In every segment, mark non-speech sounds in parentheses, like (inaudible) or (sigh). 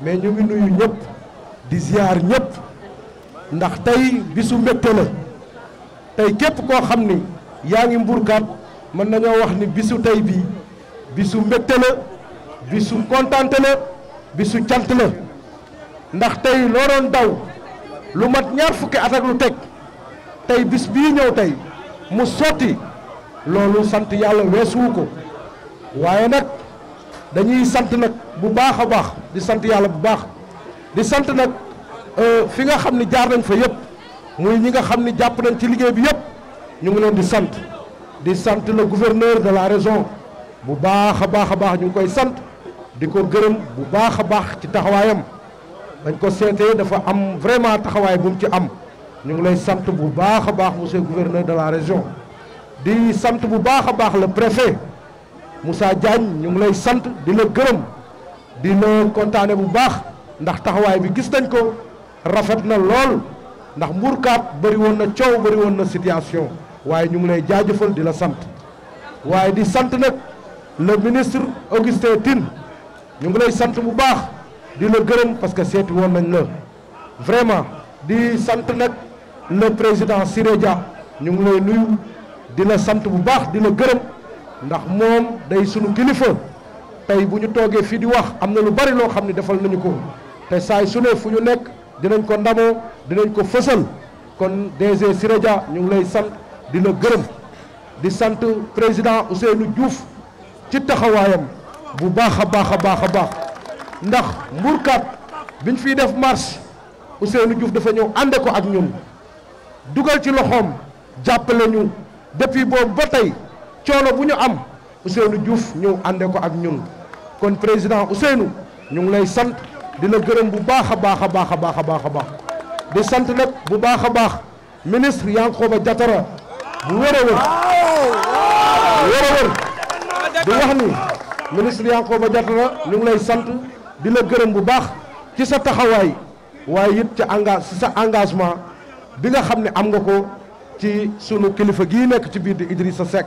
mais ñu ngi nuyu ñëpp di ziar ñëpp ndax tey bisu mbégte la tey képp koo xam ni yaa ngi mburkaat mën nañoo wax ni bisu tey bii bisu mbégte la bisu kontante la bisu cant la ndax tey loo doon daw lu mat ñaar fukki at ak lu teg tey bis bii ñëw tey mu sotti loolu sant yàlla weesuwu ko waaye nag dañuy sant nag bu baax a baax di sant yàlla bu baax di sant nag euh, fi nga xam ni jaar nañ fa yëpp muy ñi nga xam ni jàpp nañ ci liggéey bi yëpp ñu ngi leen di sant di sant le gouverneur de la région bu baax a baax a baax ñu ngi koy sant di ko gërëm bu baax a baax ci taxawaayam dañ ko seetee dafa am vraiment taxawaay bu ci am ñu ngi lay sant bu baax a baax monsieur gouverneur de la région di sant bu baax a baax la préfet Moussa Diagne ñu ngi lay sant di la gërëm di la kontaane bu baax ndax taxawaay bi gis nañ ko rafet na lool ndax mbuurkaat bëri woon na coow bëri woon na situation waaye ñu ngi lay jaajëfal di la sant waaye di sant nag le ministre Augustin Tine ñu ngi lay sant bu baax di la gërëm parce que seeti woon nañ la vraiment di sant nag le président Siré Dia ñu ngi lay nuyu di la sant bu baax di la gërëm ndax moom day sunu kilifa tey bu ñu toogee fii di wax am na lu bari loo xam ne defal nañu ko te saay su ne fu ñu nekk dinañ ko ndamoo dinañ ko fësal kon DG Siré ñu ngi lay sant di la gërëm di sant président Ousseynou Diouf ci taxawaayam bu baax a baax a baax a baax ndax mburkat biñ fiy def marche Ousseynou Diouf dafa ñëw ànde ko ak ñun dugal ci loxoom jàppale ñu depuis boobu ba tey coono bu ñu am Ousseynou Diouf ñëw àndee ko ak ñun kon président Ousseynou ñu ngi lay sant di la gërëm bu baax a baax a baax a baax a baax a baax di sant nag bu baax a baax ministre Yankhoba Diattara bu wër a wër wër a wër di wax ni ministre Yankhoba Diattara ñu ngi lay sant di la gërëm bu baax ci sa taxawaay waaye it ci enga ci sa engagement bi nga xam ne am nga ko ci sunu kilifa gii nekk ci biir di sa Seck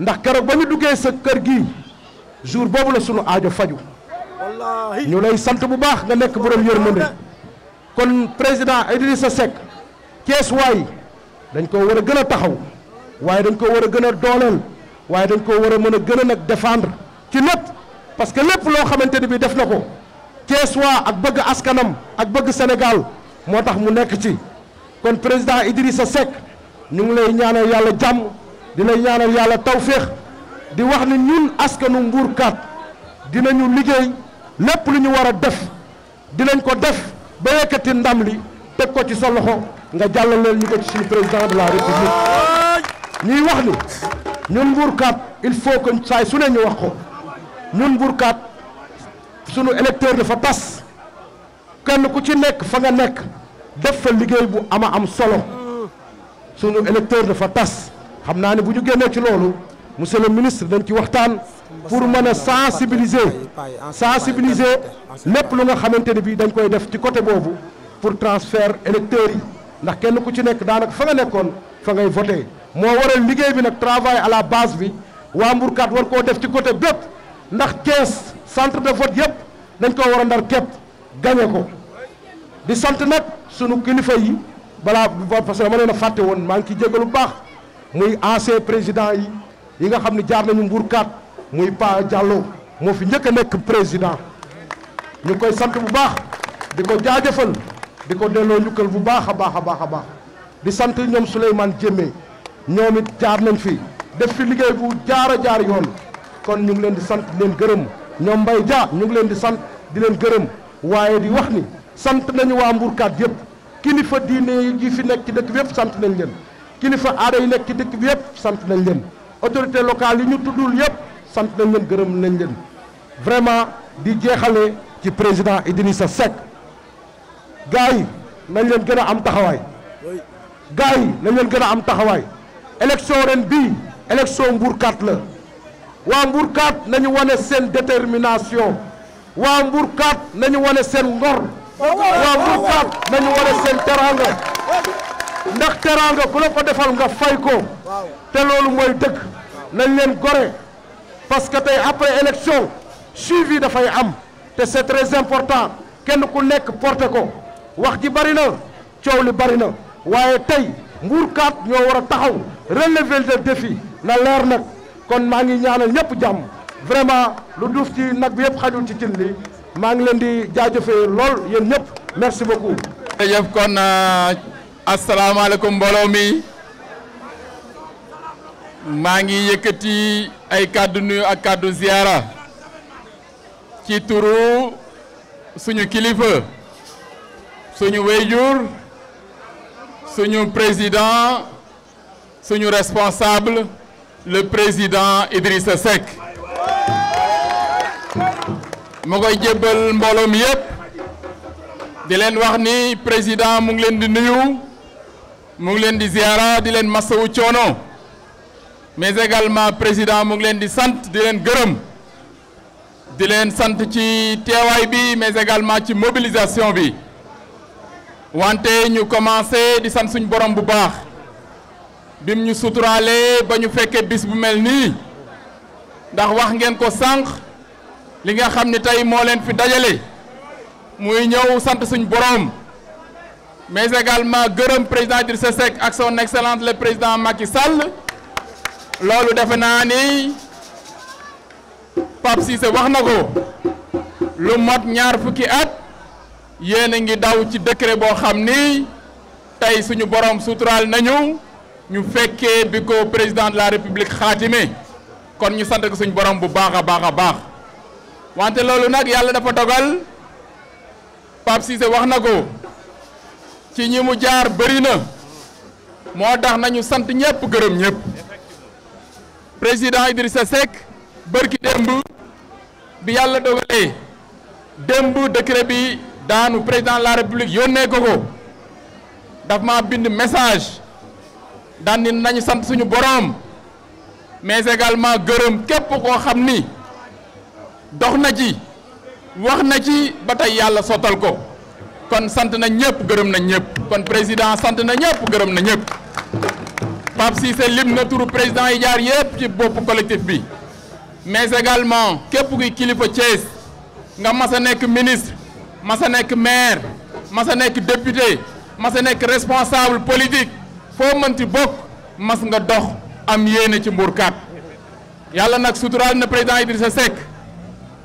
ndax keroog ba ñu duggee sa kër gi jour boobu la sunu aajo faju ñu lay sant bu baax nga nekk borom yërmande kon président sa Seck Cees waay dañ ko war a gën a taxaw waaye dañ ko war a gën a dooleel waaye dañ ko war a mën a gën a nag défendre ci lépp parce que lépp loo xamante ni bi def na ko Cees waa ak bëgg askanam ak bëgg Sénégal moo tax mu nekk ci kon président sa Seck ñu ngi lay ñaanal yàlla jàmm dina lay ñaanal yàlla tawféex di wax ni ñun askanu dina dinañu liggéey lépp lu ñu war a def dinañ ko def ba yëkkati ndam li teg ko ci sa loxo nga jàllaleel ñu ko ci suñu président de la république ñuy wax ni ñun mbuurkat il faut que saay su ne ñu wax ko ñun mbuurkat sunu électeur dafa tas kenn ku ci nekk fa nga nekk def fa liggéey bu ama am solo sunu électeur dafa tas xamna ni buñu bu ci loolu monsieur le ministre dañ ci waxtaan pour mën sensibiliser sensibiliser lepp lu nga xamante bi dañ koy def ci côté boobu pour transfert électeurs yi ndax kenn ku ci nekk daanaka fa nga nekkoon fa ngay voter mo waral liggéey bi nak travail à la base bi wa mbour kat war ko def ci côté bépp ndax Thiès centre de vote yépp dañ ko wara ndar képp gagné ko di sante nak suñu kilifa yi balaa parce que dama leena a won ma ngi ciy jégalu bu baax. muy ancien président yi yi nga xam ne jaar nañu mbuurkaat muy Pa Diallo moo fi njëkk a nekk président ñu koy sant bu baax di ko jaajëfal di ko delloo njukkal bu baax a baax a baax a baax di sant ñoom Souleymane Jémé ñoom it jaar nañ fi def fi liggéey bu jaar a jaar yoon kon ñu ngi leen di sant di leen gërëm ñoom Mbaye jaar ñu ngi leen di sant di leen gërëm waaye di wax ni sant nañu waa mbuurkaat yëpp kilifa diine yi fi nekk ci dëkk bi yëpp sant nañ leen kilifa aada yi nekk ci dëkk bi yëpp sant nañ leen autorité locale yi ñu tuddul yëpp sant nañ leen gërëm nañ leen vraiment di jeexale ci président Idrissa Seck gars yi nañ leen gën a am taxawaay gars yi nañ leen gën a am taxawaay élection ren bii élection mbuurkat la waa mbuurkat nañu wane seen détermination waa mbuurkat nañu wane seen ngor waa mbuurkat nañu wane seen teranga ndax teraanga ku la ko defal nga fay ko te loolu mooy dëgg nañ leen gore parce que tey après élection suivi dafay am te c'est très important kenn ku nekk porté ko wax ji bari na coow li bari na waaye tey mbuurkaat ñoo war a taxaw relever le défi na leer nag kon maa ngi ñaanal ñëpp jàmm vraiment lu duuf ci nag bi yëpp xajul ci cin li maa ngi leen di jaajëfee lool yéen ñëpp merci beaucoup. jërëjëf kon. Euh, Assalamu alaikum. bolomi mangi yeketi ay kàddu nuyu ak kàddu ziyara ci turu suñu suñu suñu président suñu responsable le président Idriss Seck ma koy jébbal Warni, di président mu ngi Muglen di ziara di leen masawu mais également président mu di sant di Gurum, gërëm di leen sant ci teewaay bi mais également ci mobilisation bi wante ñu commencé di sant borom bu baax bim nous suturaalee ba fait que bis bu mel nii ndax wax ngeen ko sànq li nga sant suñu borom mais également gërëm président du Seck ak son excellence le président Macky Sall loolu defe ni Pape Cissé lu mot ñaar fukki at yéen a ngi daw ci décret borom nañu ñu bi président de la république xaatime kon ñu sant que suñu borom bu baax a baax a baax wante loolu nag dafa Pape ci ñi mu jaar bëri na moo tax nañu sant ñëpp gërëm ñëpp président Idrissa Seck bërki démb bi yàlla dogalee démb décret bi daanu président de la république yónnee ko ko daf ma bind message daan ni sant suñu boroom mais également gërëm képp koo xam ni dox na ci wax na ci ba tey yàlla sottal ko kon sant na ñëpp gërëm na ñëpp kon président sant na ñëpp gërëm na ñëpp Pape Cissé lim na turu président yi jaar yépp ci bopp collectif bi mais également képp kuy kilifa Thiès nga mas a nekk ministre mas a nekk maire mas a nekk député mas a nekk responsable politique foo mënti bokk mas nga dox am yéene ci mbuurkat yàlla nag suturaal na président Idrissa Seck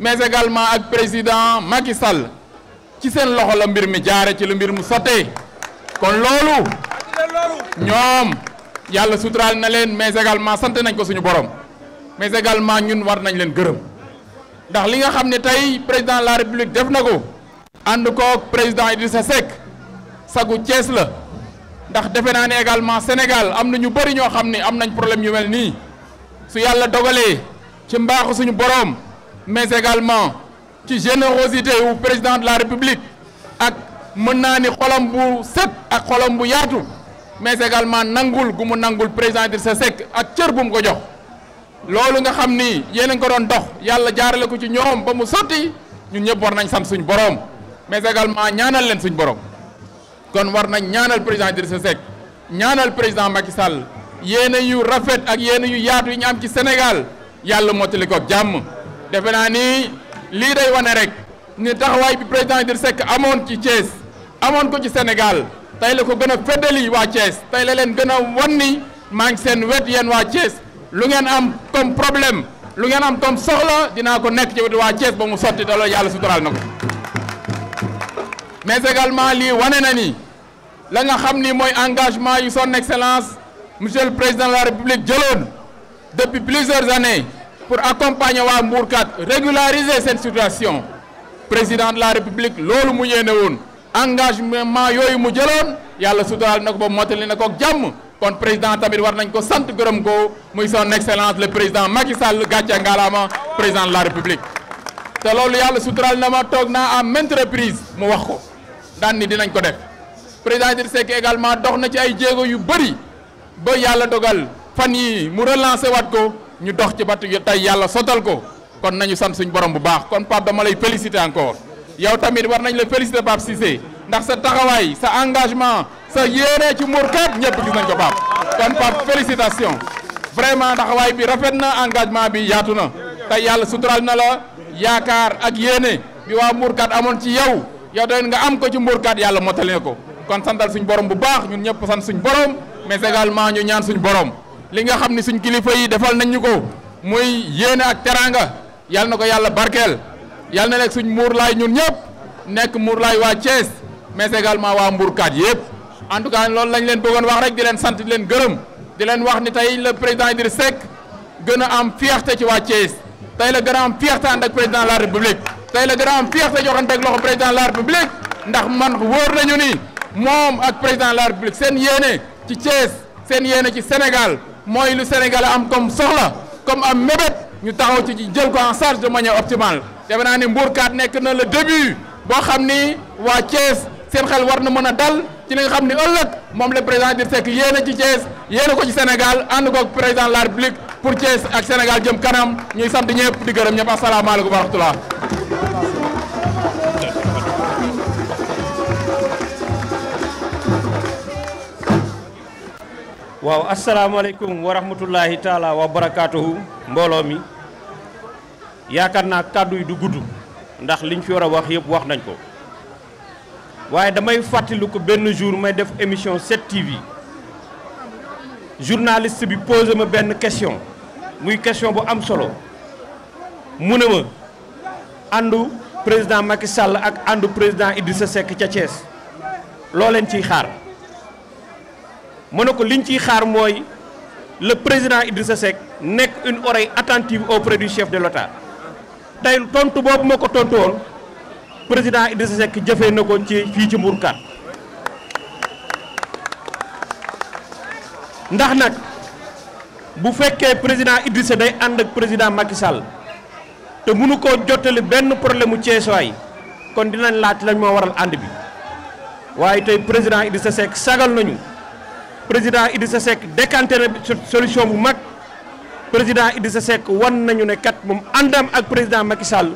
mais également ak président Macky Sall. ci seen loxo la mbir mi jaare ci la mbir mu soté kon loolu ñoom yàlla sutural na leen mais également sant nañ ko suñu borom mais également ñun war nañ leen gërëm ndax li nga xam ne président la république def na ko ànd koog président Idrissa Seck sagu Thiès la ndax defe naa ne également Sénégal am na ñu bëri ñoo xam ne am nañ problème yu mel nii su yàlla dogalee ci mbaaxu suñu borom mais également ci générosité wu président de la république ak menani naa ni xolam bu set ak xolam bu mais également nangul gu nangul président ce sec ak cër bu mu ko jox lolou nga xamni ni yéen ko doon dox yalla jaarale ko ci ñoom ba mu sotti ñun ñepp war nañ sam suñ borom mais également ñaanal leen suñ borom kon war nañ ñaanal président ce sec ñaanal président Macky Sall yéen yu rafet ak yéen yu yaatu yi ñu am ci Sénégal yalla mottali ko jàmm defe ni li day wane rek ni taxaway bi président Idrissa Seck amone ci Thiès amone ko ci Sénégal tey la ko gëna a wa Thiès tey la leen gën a wan ngi seen wét yéen wa Thiès lu ngeen am comme problème lu ngeen am comme soxla dina ko nekk ci wetu waa Thiès ba mu sotti te loolu yàlla suturaal na mais également li wane na ni la nga xam ni mooy engagement yu son excellence monsieur le président de la république jëloon depuis plusieurs années pour accompagner wa Mbourkat régulariser cette situation président de la république lolu mu yéene won engagement yoy mu jëloon yalla suturaal nako ko ba mottali na ko kon président tamit war nañ ko sante gërëm ko muy son excellence le président Macky Sall gàcce ngalaama président de la république. té lolu yalla suturaal nama tok na à maintes reprises mu wax ko daan ni dinañ ko def président Idrissa également dox na ci ay djégo yu bëri ba yalla dogal fan yi mu relancer wat ko ñu dox ci battu tay yalla sotal ko kon nañu sant suñu borom bu baax kon pap dama lay féliciter encore yow tamit war nañ la féliciter pap Cissé ndax sa taxaway sa engagement sa yéene ci murkat 4 ñëpp gis nañ ko pap kon pap félicitations vraiment taxawaay bi rafet na engagement bi yaatu na te yàlla sutural na la yaakaar ak yéene bi wa murkat amon ci yow yow doon nga am ko ci murkat yalla yàlla ko kon santal suñu borom bu baax ñun ñëpp sant suñu borom mais également ñu ñaan suñu borom. li nga xamni ni kilifa yi defal nañ ñu ko muy yena ak teranga yal nako yalla barkel yalla yal na lek suñu mour lay ñun ñep nek mour lay wa Thiès mais également mbour kat yep en tout cas lool lañ leen bëggon wax rek di leen sant di leen gëreum di leen wax ni tay le président Idriss Seck gëna am fierté ci wa Thiès tay le gën am fierté and ak président la république tay le gën am fierté joxante ak loxo président la république ndax man woor nañu ni mom ak président de la république sen yene ci Thiès sen yene ci Sénégal Moi, le Sénégal am comme soxla comme un mébét Nous taxaw ci jël ko en charge de manière optimale pour naa ne nous na le début bo xamni ni Thiès xel war na mëna dal ci li nga ni le président Idrissa ci ko ci Sénégal un ko président de la République pour Thiès ak Sénégal jëm kanam ñuy sant ñëpp di waaw asalaamaaleykum wa rahmatullahi taala wabarakatuh, barakaatuhu mi yaakaar naa kàddu yi du gudd ndax liñ fi wara wax yeb wax nañ ko waye damay fatilu ko ben jour may def émission 7TV journaliste bi poser ma ben question muy question bu am solo mu andu ma àndu président Macky Sall ak andu président Idrissa Seck ca Thiès lo len ci xaar. mu ne ko liñ ciy xaar mooy le président Idrissa Seck nekk une oreille attentive auprès du chef de l'État tey tontu boobu ma ko tontu président Idrissa Seck jëfee na ko ci fii ci Mbourkat ndax nag bu fekkee président Idrissa day ànd ak président Macky Sall te mënu koo jottali benn problème mu Ceesuwaay kon dinañ laaj lañ moo waral ànd bi waaye tey président Idrissa Seck sagal nañu. président sa Seck décanté na solution bu mag président sa Seck wan nañu ne kat moom àndam ak président Macky Sall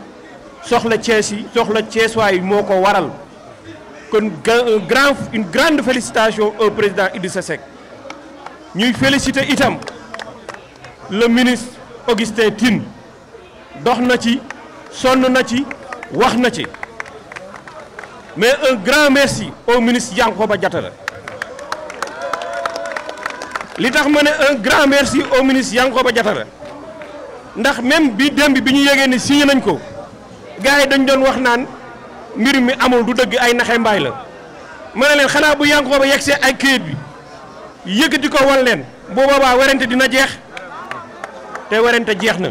soxla Thiès yi soxla Thiessois moo ko waral kon grand une félicitation au président sa Seck ñuy féliciter itam le ministre Augustin Tine dox na ci sonn na ci wax na ci mais un grand merci au ministre ba Diattara li tax ma ne un grand merci au ministre Yankhoba Diattara ndax même bi demb bi ñu yégee ni signé nañ ko gaay dañ doon wax naan mbir mi amul du dëgg ay naxé mbay la ma ne leen bu Yankhoba yexé ay këyit bi yëkkati ko wal len bo baba werante dina jeex te werante jeex na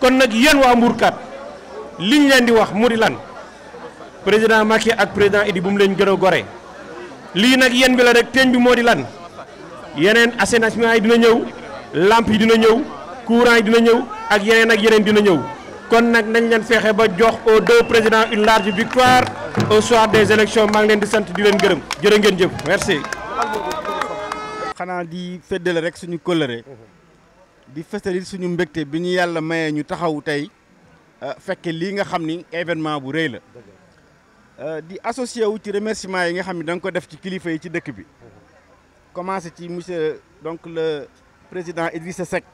kon yeen wa waa kat liñ leen di wax mu lan président Macky ak président Idi bu mu leen gën goré gore nak yeen bi la rek bi modi lan yenen assainissement yi dina ñew lampe yi dina ñew courant yi dina ñew ak yenen ak yenen dina ñew kon nak nañ leen fexé ba jox au deux président une large victoire au soir des élections maa ngi leen di sante di leen gërëm jërë ngeen jëf merci. xana di feddale rek suñu kóllëre di fësali suñu mbégte bi ñu yàlla mayee ñu taxaw tay euh, fekke li nga xamni événement bu rëy la euh, di associer wu ci remerciement yi nga xamni ni da nga ko def ci kilifa yi ci dëkk bi commencé ci monsieur donc le président Edouard Seck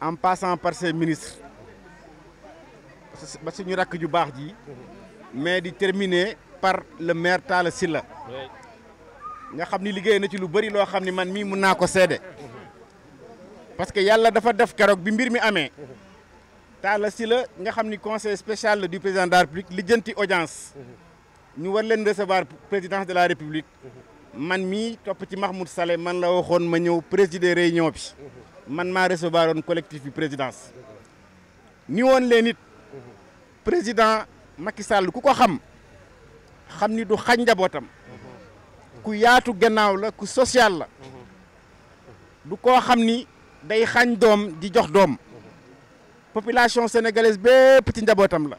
en passant par ses ministres ba suñu rakk ju baax ji mais di terminer par le maire Tal Silla. nga avons ni liggéey na ci lu bëri nous avons ni man mii ko parce que Yalla dafa fait ce bi mbir mi amee Talla Sylla nga xam conseil spécial du président de la République l'audience. audience ñu war leen recevoir présidence de la République man mi topp ci Mahmoud Saleh man la waxoon ma ñëw présider réunion bi man ma recevoir woon collectif bi présidence ni woon leen it président Macky ku ko xam xam ni du xañ njabootam ku yaatu gannaaw la ku social la du koo xam ni day xañ doom di jox doom population sénégalaise bépp ci njabootam la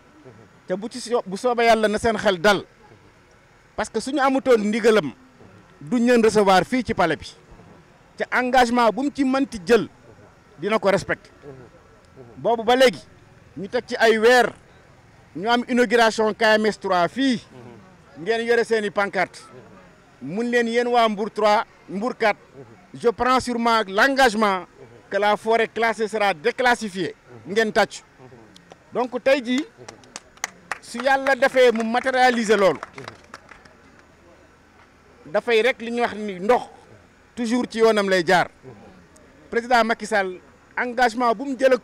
te bu ci bu soobee na seen xel dal parce que suñu amutoon ndigalam duñ leen recevoir fi ci palais bi ci engagement bu mu ci mënti jël dina ko respecter boobu ba légui ñu tek ci ay wër ñu am inauguration KMS 3 fi ngeen yoré seen pancarte mun leen yéen wa Mbour 3 Mbour 4 je prends sur moi l'engagement que la forêt classée sera déclassifiée ngeen tàcc donc tay ji su yalla défé mu matérialiser lolu dafay rek liñ wax ni ndox toujours ci yonam lay jaar président Macky Sall engagement bu mu jël ak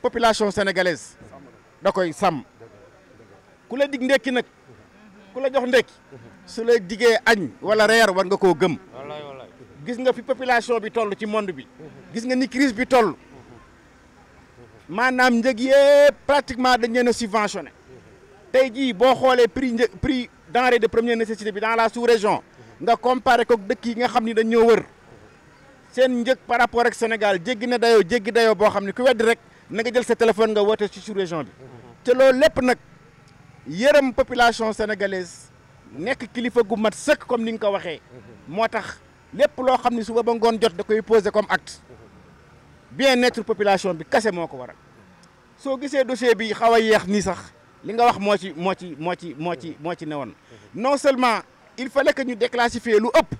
population sénégalaise dakoy sam kula dig ndekki nak kula jox ndekki su la digee añ wala reer war nga ko gëm gis nga fi population bi toll ci monde bi gis nga ni crise bi toll manam njëg yëpp pratiquement dañ leen subventionné tay ji bo xolé prix prix denrées de première nécessité bi dans la sous-région nga comparer ko dëkk yi nga xamni ni dañoo wër sen njëg par rapport ak Sénégal jéggi na dayo jéggi dayo bo xamni ku weddi rek na nga jël sa téléphone nga woté ci sous région bi té loolu lépp nag yërëm population sénégalaise nek kilifa gu mat sëkk comme ni nga waxé motax lépp lo xamni ne suba ba ngoon jot da koy poser comme acte bien-être population bi kase moko waral so gissé dossier bi xawa yeex ni sax li nga wax mo ci mo ci mo ci mo ci moo ci newoon non seulement il fallait que ñu déclassifier lu ëpp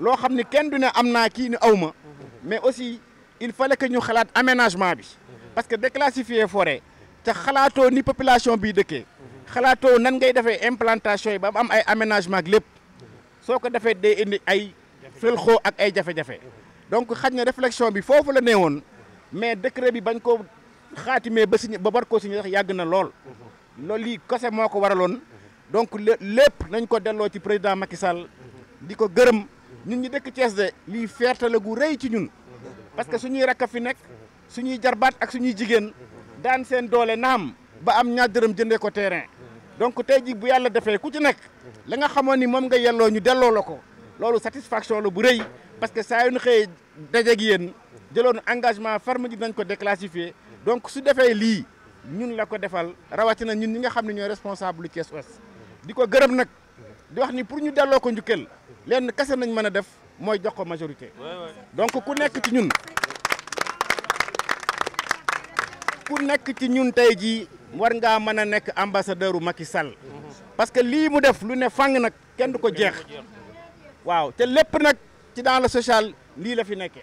loo xam ni kenn du ne am naa kii mais aussi il fallait que ñu xalaat aménagement bi parce que déclassifier forêt te xalaatoo ni population bi dëkkee xalaatoo nan ngay defee implantation yi ba am ay aménagement ak lépp soo ko defee day indi ay filxo ak ay jafé jafe donc xaj réflexion bi foofu la nee mais décret bi bañ ko xaatimee ba signé ba war koo signé sax yàgg na lool loolu lii kese moo ko waraloon donc lepp nañ ko delloo ci président Macky Sall diko gëreum ñun ñi dëkk Thiès de li fierté la gu reuy ci ñun parce que suñuy rakk fi nek suñuy jarbat ak suñuy jigen daan seen doole naam ba am ñaar dërëm ko terrain donc tey jii bu yalla défé ku ci nek la nga xamone ni moom nga yello ñu delloo lako lolu satisfaction la bu reuy parce que saa yu ñu xëyee dajeeg yeen jëlone engagement ferme di nañ ko déclassifier donc su défé li ñun la ko rawati na ñun ñi nga xamni ñoy responsable ci SOS di ko gërëm nag di wax ni pour ñu delloo ko njukkal lenn kese nañ mën a def mooy jox ko majorité donc ku nekk ci ñun ku nekk ci ñun tey jii war ngaa mën a nekk ambassadeur u Macky Sall parce que lii mu def lu ne fang nag kenn du ko jeex waaw te lépp nag ci dans le social lii la fi nekke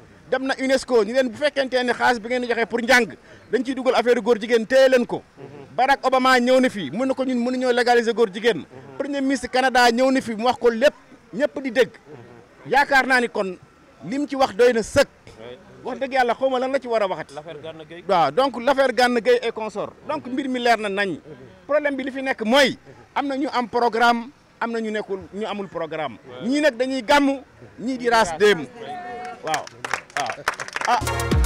dem na UNESCO ñu leen bu fekkentee ne xaalis bi ngeen joxee pour njàng dañ ciy dugal affaire góor jigéen téye leen ko Barack Obama ñëw na fi mun na ko ñun mënuñoo légaliser góor jigéen premier ministre Canada ñëw na fi mu wax ko lépp ñëpp di dégg yaakaar naa ni kon lim ci wax doy na sëkk wax dëgg yàlla xaw ma lan la ci war a waxat waaw donc l'affaire Gana Gueye et consort donc mbir mi leer na nañ problème bi li fi nekk mooy am na ñu am programme am na ñu nekkul ñu amul programme ñii nag dañuy gàmm ñii di raas dem out. (laughs) Uh ah.